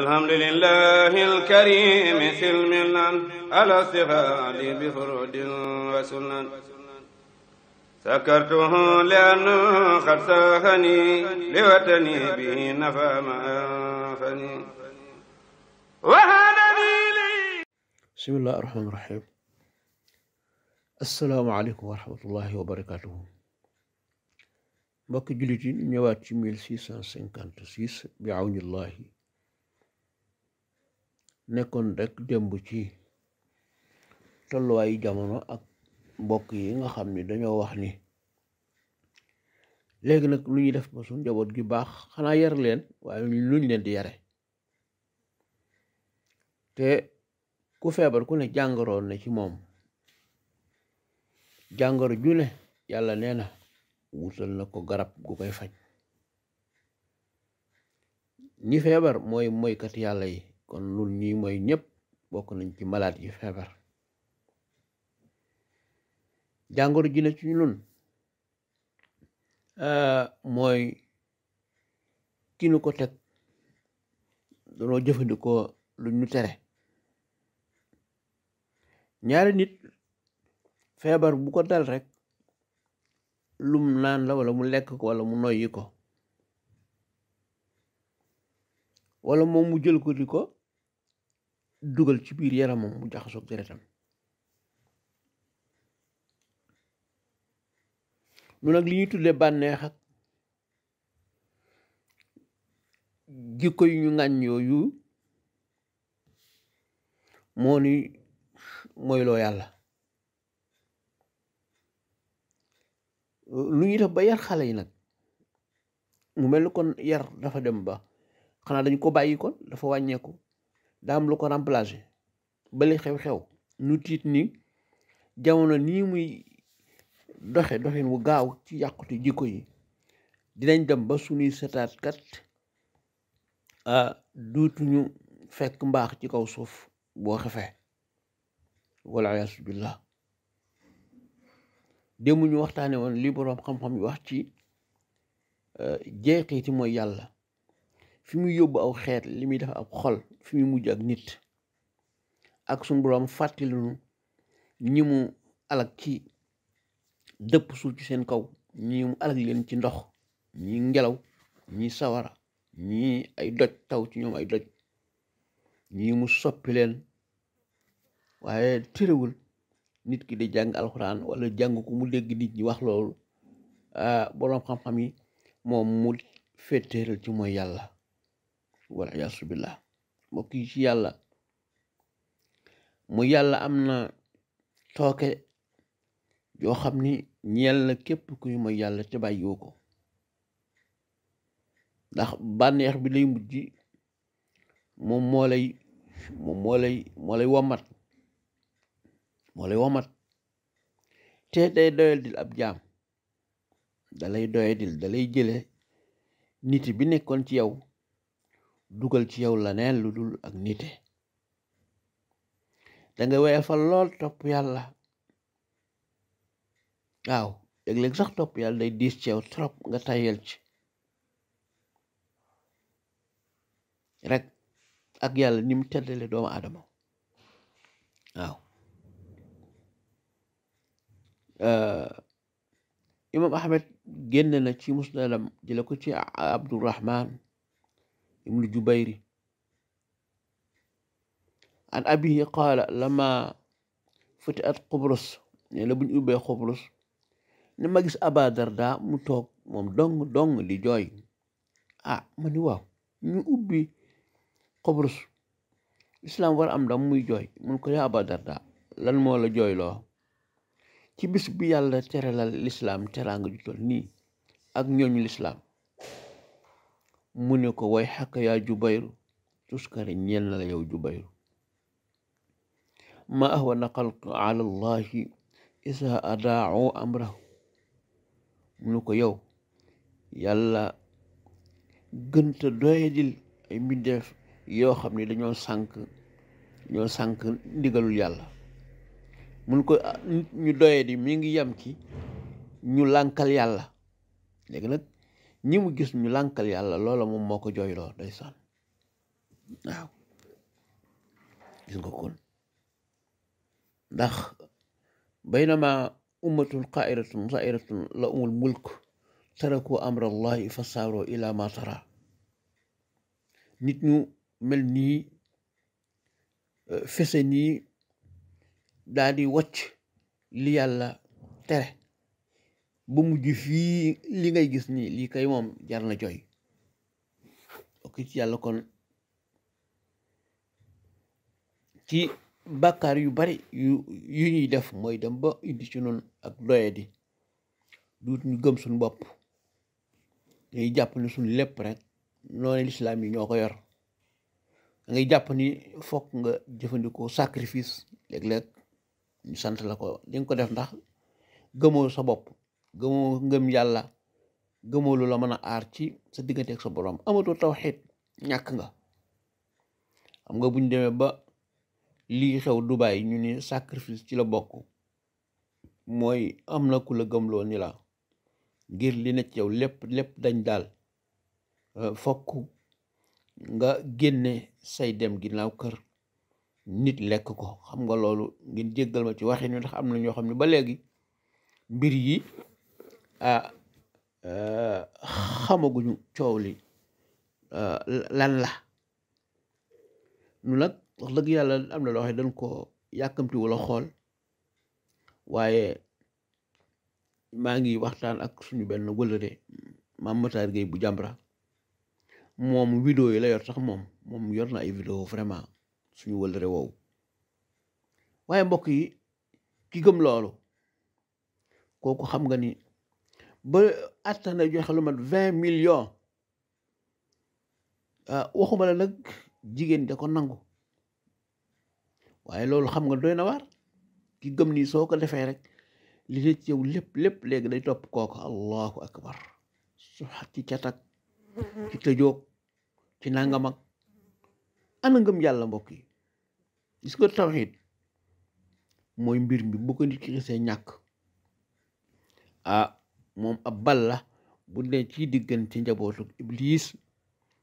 الحمد لله الكريم سلم على استغال بفرود وسنن سكرته لأنه قد ساخني لوطني به نفى ما أنفني وهذا لي بسم الله الرحمن الرحيم السلام عليكم ورحمة الله وبركاته mbokk jullit yi ñëwaat ci 1656 bi awnillahi nekkoon rek démb ci tolluwaayu jamono ak mbokk yi nga xam ni dañoo wax ni léegi nag lu ñuy def ba suñ njaboot gi baax xanaa yar leen waaye luñ leen di yare te ku feebar ku ne jàngoroon na ci moom jàngoro ju ne yàlla nee na wutal na ko garab gu koy faj ñi feebar mooy moykat yàlla yi kon lu nii mooy ñëpp bokk nañ ci malaat yi feebar jàngoro ji ne ci ñun euh, mooy ki nu ko teg danoo jëfandikoo lu ñu tere ñaari nit feebar bu ko dal rek lum naan la walla mu lekk ko walla mu noyyi ko walla moom mu jël ko di ko dugal ci biir yaram mu jaxasoog deretam nu nag li ñuy tuddee bànneexak ak jikko yu ñu ŋàññ yooyu moo ni moyloo yàlla lu ñuy def ba yar xale yi nag mu mel ni kon yar dafa dem ba xanaa dañ ko bàyyi kon dafa wàññeeku daa lu ko remplacer bali xew-xew nu tiit ni jamono nii muy doxe doxin wu gaaw ci yàqute jikko yi dinañ dem ba suñuy setaat kat duutuñu fekk mbaax ci kaw suuf boo xefee walla yaasu billah démb ñu waxtaane woon li boroom xam-xam yi wax ci jeexiti mooy yàlla fi muy yóbbu aw xeet li muy def aw xol fi muy mujj ak nit ak suñ boroom fàttilunu ñi mu alak ci dëpp suuf ci seen kaw ñi mu alak leen ci ndox ñi ngelaw ñi sawara ñi ay doj taw ci ñoom ay doj ñi mu soppi leen waaye terewul nit ki di jàng alxuraan wala jàng ko mu dégg nit ñi wax loolu ah, boroom xam-xam yi moom mu féetéeral ci mooy yàlla wal iyaasu billah mbokk yi ci yàlla mu yàlla am na tooke yoo xam ni ñeel na képp kuy mooy yàlla te bàyyiwu ko ndax bànneex bi lay mujj moom moo lay moom moo lay moo lay womat moo lay womat te day doyal dil ab jaam dalay doyadil dalay jële nit bi nekkoon ci yow dugal ci yow laneen lu dul ak nite da nga woyefal lool topp yàlla waaw léeg-léeg sax topp yàlla day diis ci yow trop nga tayel ci rek ak yàlla ni mu teddale doomu aadama waaw imam ahmed génn na ci musnadam jële ko ci abdurrahman ibnu jubayri an abihi qaala lama futi at xubrus ne la buñ ubbee xubrus ne ma gis aba darda mu toog moom dong dong di jooy ah ma ni waaw ñu ubbi xubrus islam war am dam muy jooy mun ko yaa aba darda lan moo la jooyloo ci bis bi yàlla teralal lislaam teraanga ju tol nii ak ñooñu lislaam mu ne ko way xakk yaa jubayru tuskare ñeel na la yow jubayru ma ahwana xalq ala llahi isa adaau amrahu mu ne ko yow yàlla gënta doyadil ay mbindeef yoo xam ne dañoo sank ñoo sànk ndigalul yàlla mun ko ah, ñu doyadi mi ngi yam ci ñu lànkal yàlla ñi mu gis ñu lànkal yàlla loola moom moo ko jooyloo day sànn waaw gis nga kon ndax baynama ummatun qairatun zairatun la umul mulk taraku amra fa saaro ila ma tara nit ñu mel nii fese nii daa wacc wàcc li yàlla tere ba mujj fii li ngay gis ni lii kay moom jar na cooy ok ci yàlla kon ci bàkkaar yu bari yu yu ñuy def mooy dem ba indi ci noonu ak doyadi duut ñu gëm suñu bopp ngay jàpp ni suñ lépp rek noonu lislaam yi ñoo ko yor ngay jàpp ni fokk nga jëfandikoo sacrifice léeg-léeg ñu sant la ko di nga ko def ndax gëmoo sa bopp gëmoo ngëm yàlla gëmoo lu la mën a aar ci sa diggante ak sa borom amatoo tawxiid ñàkk nga xam nga buñ demee ba lii xew Dubaay ñu ni sacrifice ci la bokk mooy am na ku la gëmloo ni la ngir li ne ci yow lépp lépp dañ daal euh, fokk nga génne say dem ginnaaw kër nit lekk ko xam nga loolu ngeen jéggal ma ci waxin wi ndax am na ñoo xam ne ba léegi mbir yi ah xamaguñu coow li euh, lan la nu nag wax dëgg yàlla am na loo xam ne dañ koo yàkkamti wala xool waaye maa ngi waxtaan ak suñu benn wëlëre maam Matar Gueye bu jàmbra moom vidéo yi la yor sax moom moom yor na ay vidéo vraiment suñu wëlëre woowu waaye mbokk yi loolu kooku xam nga ni ba attana joxe lu mat vingt millions ah, waxuma la nag jigéen da ko nangu waaye loolu xam nga doy na waar ki gëm ni soo ko defee rek li ne ci yow lépp lépp léegi day topp kooku allahu akbar su ci catak ci tëjoog ci nangam ana ngëm yàlla mbokk yi gis nga mooy mbir mi bu ko nit ki xisee ñàkk ah, moom ab bal la bu ne ci diggante njabootu iblis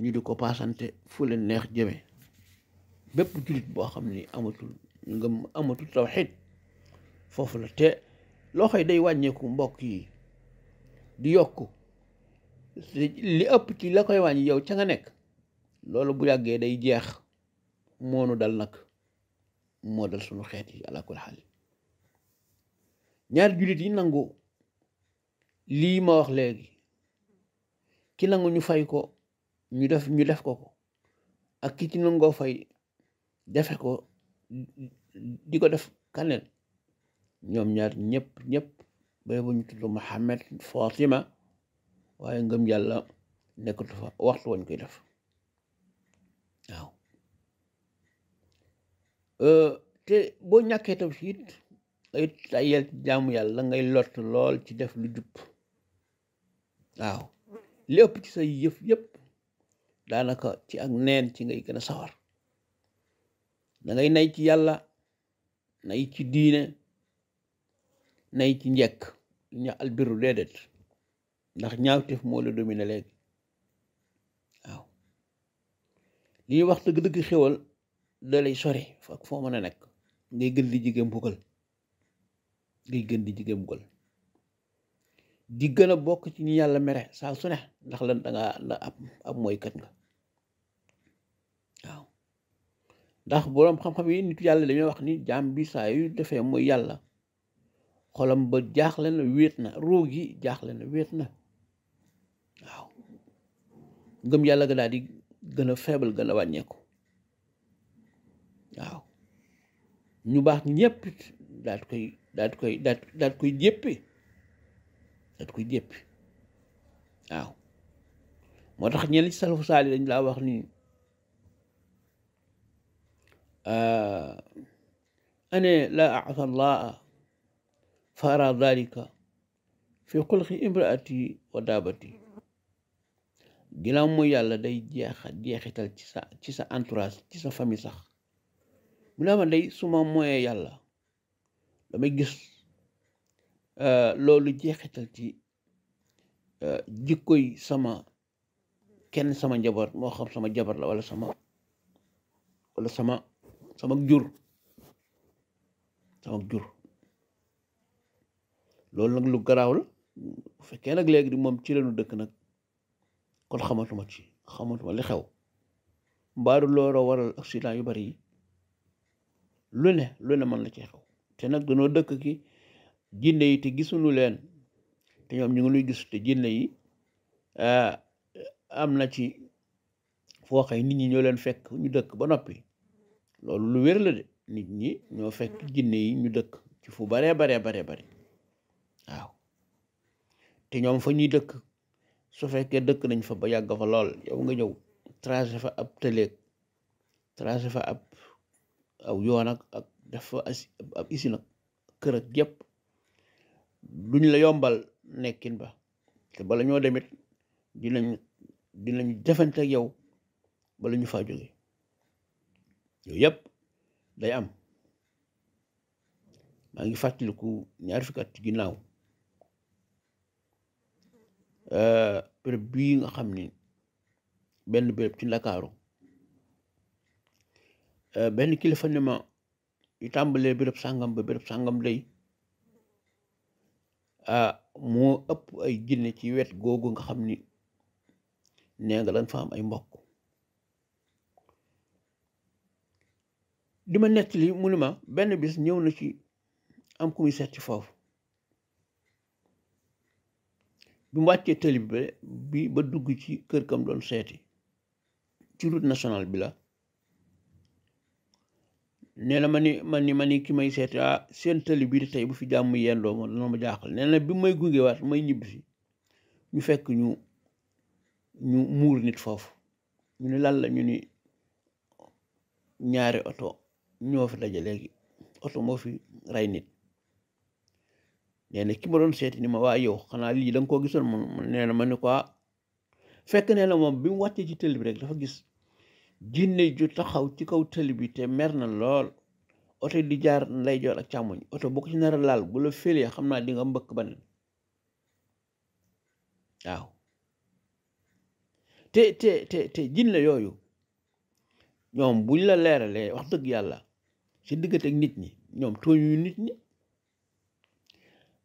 ñu di ko paasante fu leen neex jëme bépp jullit boo xam ni amatul ngëm amatul tawxid foofu la te loxo yi day wàññeeku mbokk yi di yokk li ëpp ci la koy wàññi yow ca nga nekk loolu bu yàggee day jeex moonu dal nag moo dal sunu xeet yi ala kul jullit yi nangu lii ma wax léegi ki nangu ñu fay ko ñu def ñu def ko ko ak ki ci nangoo fay defe ko di ko def kaneen ñoom ñaar ñëpp ñëpp bay bu ñu tudd Mohamed waaye ngëm yàlla nekkatu fa waxtu wañ koy def waaw euh, te boo ñàkkee tam it ay tayel ci jaamu yàlla ngay lott lool ci def lu jub waaw li ëpp ci say yëf yëpp daanaka ci ak neen ci ngay gën a sawar dangay ngay nay ci yàlla nay ci diine nay ci njekk ña albiru déedéet ndax ñaawteef moo la domine léegi waaw li ñuy wax dëgg-dëgg xéwal da lay sori ak foo mën a nekk ngay gën di jigéen mbugal ngay gën di jigéen mbugal di gën a bokk ci ñi yàlla mere saa su ne ndax lan da nga la ab nga waaw ndax boroom xam-xam yi nitu yàlla dañoo wax ni jaam bi saa yu defee mooy yàlla xolam ba jaaxle na wéet na róog yi jaaxle na wéet na waaw ngëm yàlla ga daal di gën a faible gën a wàññeeku waaw ñu baax ñëpp daal di koy daal koy daal koy jéppi dat koy jéppi moo tax ñenn ci salafu saali dañ laa wax ni ah, ane la aasa llaha fa ara dalika fi xulqi imraati wa daabati ginnaaw mooy yàlla day jeexa jeexital ci sa ci entourage ci sa famille sax mu ma day suma mooyee yàlla damay gis Euh, loolu jeexital ci euh, jikkoy sama kenn sama njaboot moo xam sama jabar la wala sama wala sama sama jur sama jur loolu nag lu garaaw bu fekkee nag léegi di moom ci lañu dëkk nag kon xamatuma ci xamatuma li xew mbaaru looloo waral accident yu bari yi lu ne lu ne mën la ci xew te nag dañoo dëkk ki jinne yi te gisuñu leen te ñoom ñu ngi nuy gis te jinne yi ah, am na ci foo xëy nit ñi ñoo leen fekk ñu dëkk ba noppi loolu lu wér la de nit ñi ñoo fekk jinne yi ñu dëkk ci fu baree baree baree bare waaw te ñoom fa ñuy dëkk su fekkee dëkk nañ fa ba yàgg fa lool yow nga ñëw tracé fa ab tëleeg tracé fa ab aw yoon ak ak def fa ab usine ak kër ak ñu la yombal nekkin ba te bala ñoo demit dinañ dinañ defante yow bala ñu faa jóge yooyu yëpp day am maa ngi fàttaliku ñaar fukki at ginnaaw euh, béréb bii nga xam ni benn béréb ci Ndakaaru euh, benn kilifa ne ma yu tàmbalee béréb sangam ba béréb sàngam day Ah, moo ëpp ay jinne ci wet googu nga xam ni nee nga lan fa am ay mbokk di ma nett mu ni ma benn bis ñëw na ci am ku muy seet ci foofu bi mu wàccee tëli bi ba dugg ci kër kam doon seeti ci route nationale bi la nee na ma ni man ni ma ni ki may seet ah seen tey bu fi jàmm yendoo moom dana ma jaaxal nee na bi may gungewaat may ñibbi si ñu fekk ñu muur nit foofu ñu ni lan la ñu ni ñaari oto ñoo fi daje léegi oto moo fi rey nit nee na ki ma doon seeti ni ma waa yow xanaa lii da nga koo gisoon mu nee na ma ni quoi ah. fekk nee na moom bi mu wàccee ci tëli bi rek dafa gis jinne ju taxaw ci kaw tëli bi te mer na lool oto di jaar ndeyjoor ak càmmoñ oto boo ko ci nar a laal bu la félee xam naa di nga mbëkk beneen waaw te te te te jinne yooyu ñoom buñ la leeralee wax dëgg yàlla ci diggante ak nit ñi ñoom tooñuñu nit ñi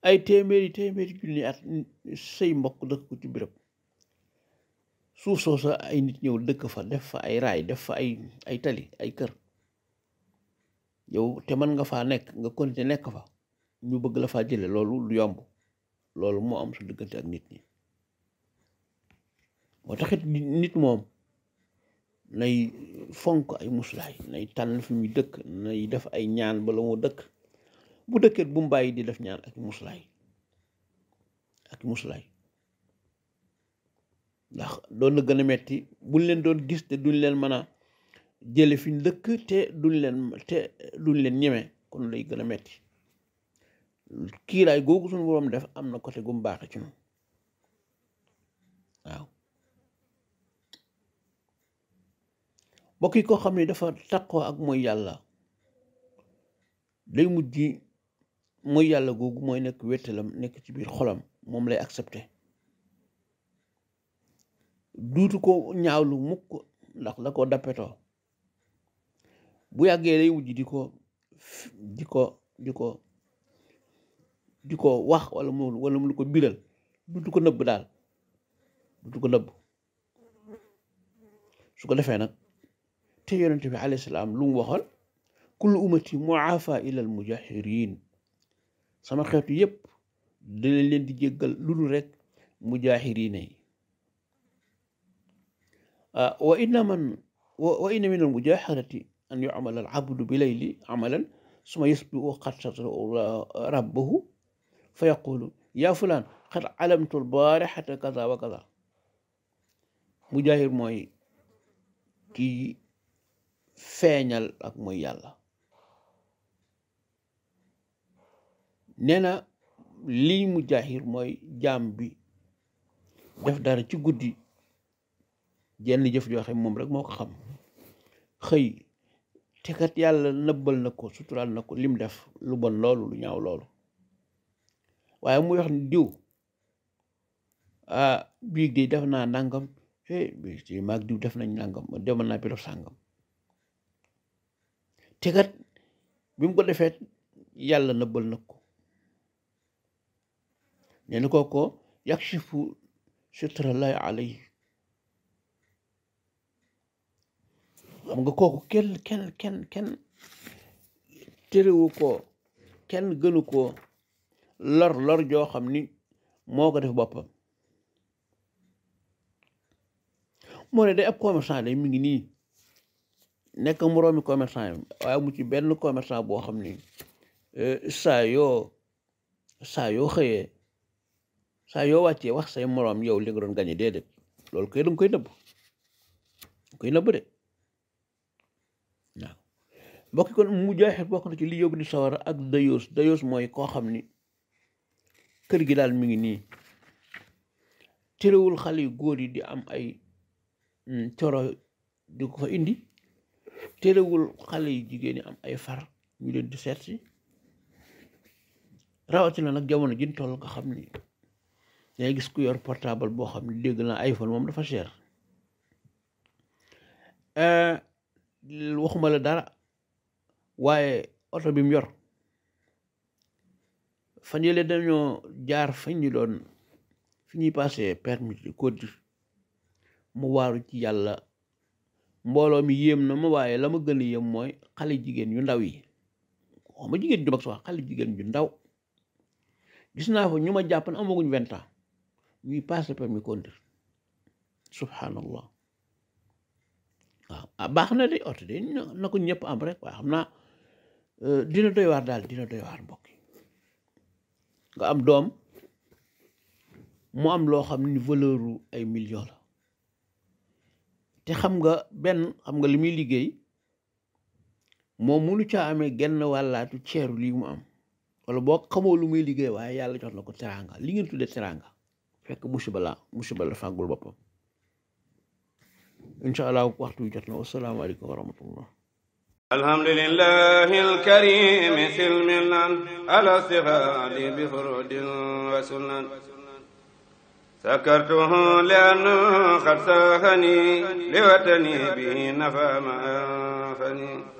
ay téeméeri téeméeri junni at say mbokk dëkk ko ci béréb suuf soo sa ay nit ñëw dëkk fa def fa ay raay def fa ay ay tali ay kër yow te mën nga faa nekk nga continuer nekk fa ñu bëgg la faa jële loolu lu yomb loolu moo am su diggante ak nit ñi moo taxit nit moom nay fonk ay muslaay nay tànn fi muy dëkk nay def ay ñaan bala moo dëkk bu dëkkee bu mu bàyyi di def ñaan ak muslaay ak musulaay ndax loolu la gën a metti buñ leen doon gis te duñ leen mën a jële fi ñu dëkk te du leen te duñ leen ñeme kon lay gën a metti kiiraay googu suñu borom def am na côté gum baax ci noonu waaw mbokk yi koo xam ne dafa taqoo ak mooy yàlla day mujj mooy yàlla googu mooy nekk wettalam nekk ci biir xolam moom lay accepté duutu ko ñaawlu mukk ndax la ko dappetoo bu yàggee lay wujj di ko di ko di ko di ko wax wala mu wala mu lu ko biral duutu ko nëbb daal duutu ko nëbb su ko defee nag te yonente bi alayhi salaam lu mu waxoon kullu ummati muafa ilal mujahirin sama xeetu yépp dina leen di jéggal lu dul rek mujahirina yi wa inna man wa inna min al mujaharati an yu'mala al abdu bi layli amalan suma yusbihu qad satara rabbahu fa yaqulu yaa fulaan qad alamtu al baarixata kaza wa kaza mujaahir mooy kii feeñal ak mooy yàlla nee na lii mujaahir mooy jaam bi def dara ci guddi jenn jëf joo xam moom rek moo ko xam xëy te yàlla nëbbal na ko suturaal na ko lim def lu bon loolu lu ñaaw loolu waaye muy yox ni diw ah biig de def naa nangam eh biig diw def nañ nangam demal na béréb sàngam te kat bi mu ko defee yàlla nëbbal na ko nee na kooku yakshifu sutralahi alayhi xam nga kooku kenn kenn kenn kenn térewu ko kenn gënu ko lor lor joo xam ni moo ko def boppam moo ne de ab commerçant day mi ngi nii nekk moroomi commerçant yi muci benn commerçant boo xam ni euh, saa yoo saa yoo xëyee saa yoo wàccee wax say moroom yow li nga doon gañe déedéet loolu koy danga koy nëbb koy nëbb mbokk kon mu jaaxit bokk na ci li yóbbu ni sawara ak dayoos dayoos mooy koo xam ni kër gi daal mi ngi nii terewul xale yu góor yi di am ay hmm, coro di ko fa indi terewul xale yi jigéen yi am ay far ñu leen di seet rawatina nag jamono jin toll nga xam ni day gis ku yor portable boo xam ne dégg naa iPhone moom dafa cher eh, waxuma la dara waaye oto bi mu yor fan yële dañoo jaar fa doon fi ñuy passé permis de conduire mu waaru ci yàlla mbooloo mi yéem na ma waaye la ma gën a yéem mooy xale jigéen yu ndaw yi xaw ma jigéen ju mag sax jigéen ju ndaw gis naa fa ñu ma jàpp ne amaguñ vingt ans ñuy passé permis conduire subhanallah waaw ah, baax na de oto de na ko ñëpp am rek waaye xam naa dina doy waar daal dina doy waar mbokk yi nga am doom mu am loo xam ni valeuru ay millions la te xam nga benn xam nga lu muy liggéey moom munu caa amee genn wàllaatu ceeru lii mu am wala boo xamoo lu muy liggéey waaye yàlla jox na ko teraanga li ngeen tuddee teraanga fekk musiba la musiba la fàggul boppam incha allah waxtu wi jot na wasalaamaaleykum wa rahmatullah alhamdulillahi alkarimi silmilan alastihadi bi furudin wa sunan sakartuhu lianna qad saahani liwatani bihi nafa ma anfani